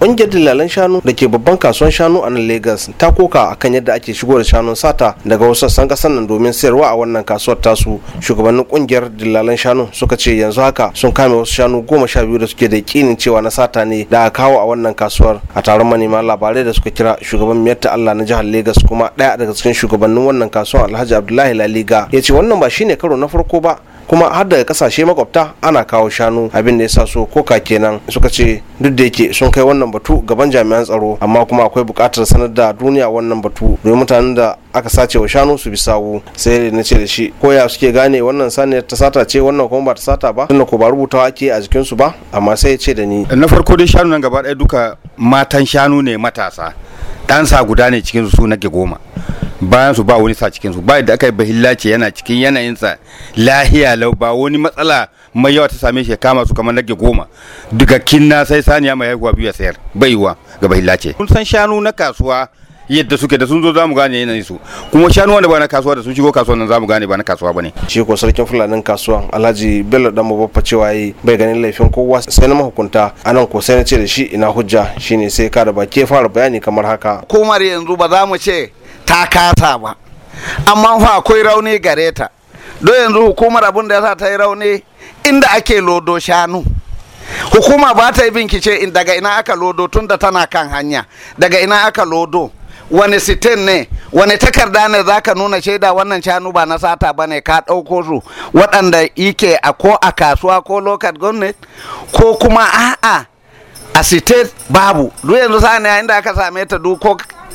Ƙungiyar dillalan shanu da ke babban kasuwan shanu a nan Legas ta koka a kan yadda ake shigo da shanun sata daga wasu sassan ƙasar nan domin sayarwa a wannan kasuwar tasu. Shugabannin ƙungiyar dillalan shanu suka ce yanzu haka sun kame wasu shanu goma sha biyu da suke da ƙinin cewa na sata ne da aka kawo a wannan kasuwar. A taron manema labarai da suka kira shugaban miyarta Allah na jihar Legas kuma ɗaya daga cikin shugabannin wannan kasuwar Alhaji Abdullahi Laliga ya ce wannan ba shi ne karo na farko ba kuma har daga kasashe makwabta ana kawo shanu abin da ya sa su koka kenan suka ce duk da yake sun kai wannan batu gaban jami'an tsaro amma kuma akwai buƙatar sanar da duniya wannan batu domin mutanen da aka sace wa shanu su bi sawu sai na ce da shi ko ya suke gane wannan saniyar ta sata ce wannan kuma ba ta sata ba tunda ko ba rubutawa ake a jikin su ba amma sai ya ce da ni na farko dai shanu nan gaba ɗaya duka matan shanu ne matasa ɗansa guda ne cikin su ke goma bayan su ba wani sa cikin su ba da aka yi bahilla yana cikin yanayinsa lahiya lau ba wani matsala mai yawa ta same shi kama su kamar nage goma daga kinna sai saniya mai haihuwa biyu ya sayar baiwa ga bahilla ce kun san shanu na kasuwa yadda suke da sun zo zamu gane yanayin su kuma shanu wanda ba na kasuwa da sun shigo kasuwa nan zamu gane ba na kasuwa bane shi ko sarkin fulanin kasuwa Alhaji Bello dan babba cewa yi bai ganin laifin kowa sai na hukunta. anan ko sai na ce da shi ina hujja shine sai ka da ke fara bayani kamar haka kuma yanzu ba za mu ce ta kasa ba amma fa akwai rauni gare ta don yanzu hukumar abin da ya ta yi rauni inda ake lodo shanu hukuma ba ta yi binkice daga ina aka lodo tun tana kan hanya daga ina aka lodo wani sitin ne wani takarda ne za ka nuna shaida wannan shanu ba na sata ba ne ka ɗauko su waɗanda yake a ko a kasuwa ko local government ko kuma a'a a sitin babu duk yanzu sa ne inda aka same ta duk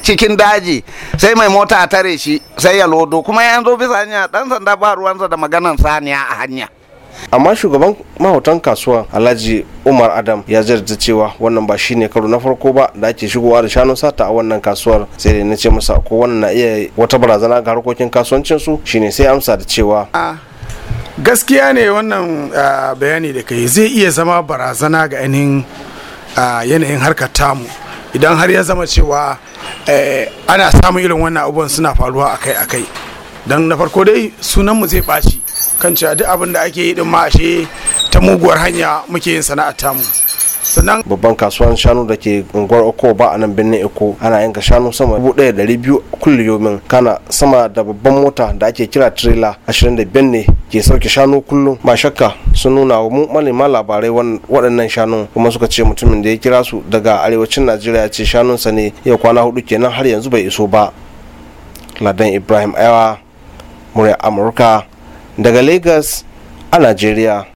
cikin daji sai mai mota a tare shi sai ya lodo kuma ya zo bisa hanya dan sanda ba ruwansa da maganan saniya a hanya amma shugaban mahautan kasuwa alhaji umar adam ya zarta cewa wannan ba shine karo na farko ba da ake shigowa da shanun sata a wannan kasuwar sai dai na ce masa ko wannan na iya wata barazana ga harkokin kasuwancin su shine sai amsa da cewa gaskiya ne wannan bayani da kai zai iya zama barazana ga ainihin yanayin harkar tamu idan har ya zama cewa eh, ana samun irin wannan abubuwan suna faruwa akai-akai don na farko dai sunan mu zai ɓaci kan cewa duk abin da ake yi din ma ashe ta muguwar hanya muke yin sana'ar tamu sannan babban kasuwan shanu da ke unguwar oko ba a nan birnin eko ana yanka shanu sama dubu ɗaya da biyu kullum kana sama da babban mota da ake kira tirela ashirin da biyar ne ke sauke shanu kullum ba shakka sun nuna wa mu malama labarai waɗannan shanu kuma suka ce mutumin da ya kira su daga arewacin najeriya ce shanun sa ne yau kwana hudu kenan har yanzu bai iso ba ladan ibrahim aiwa murya amurka daga lagos a najeriya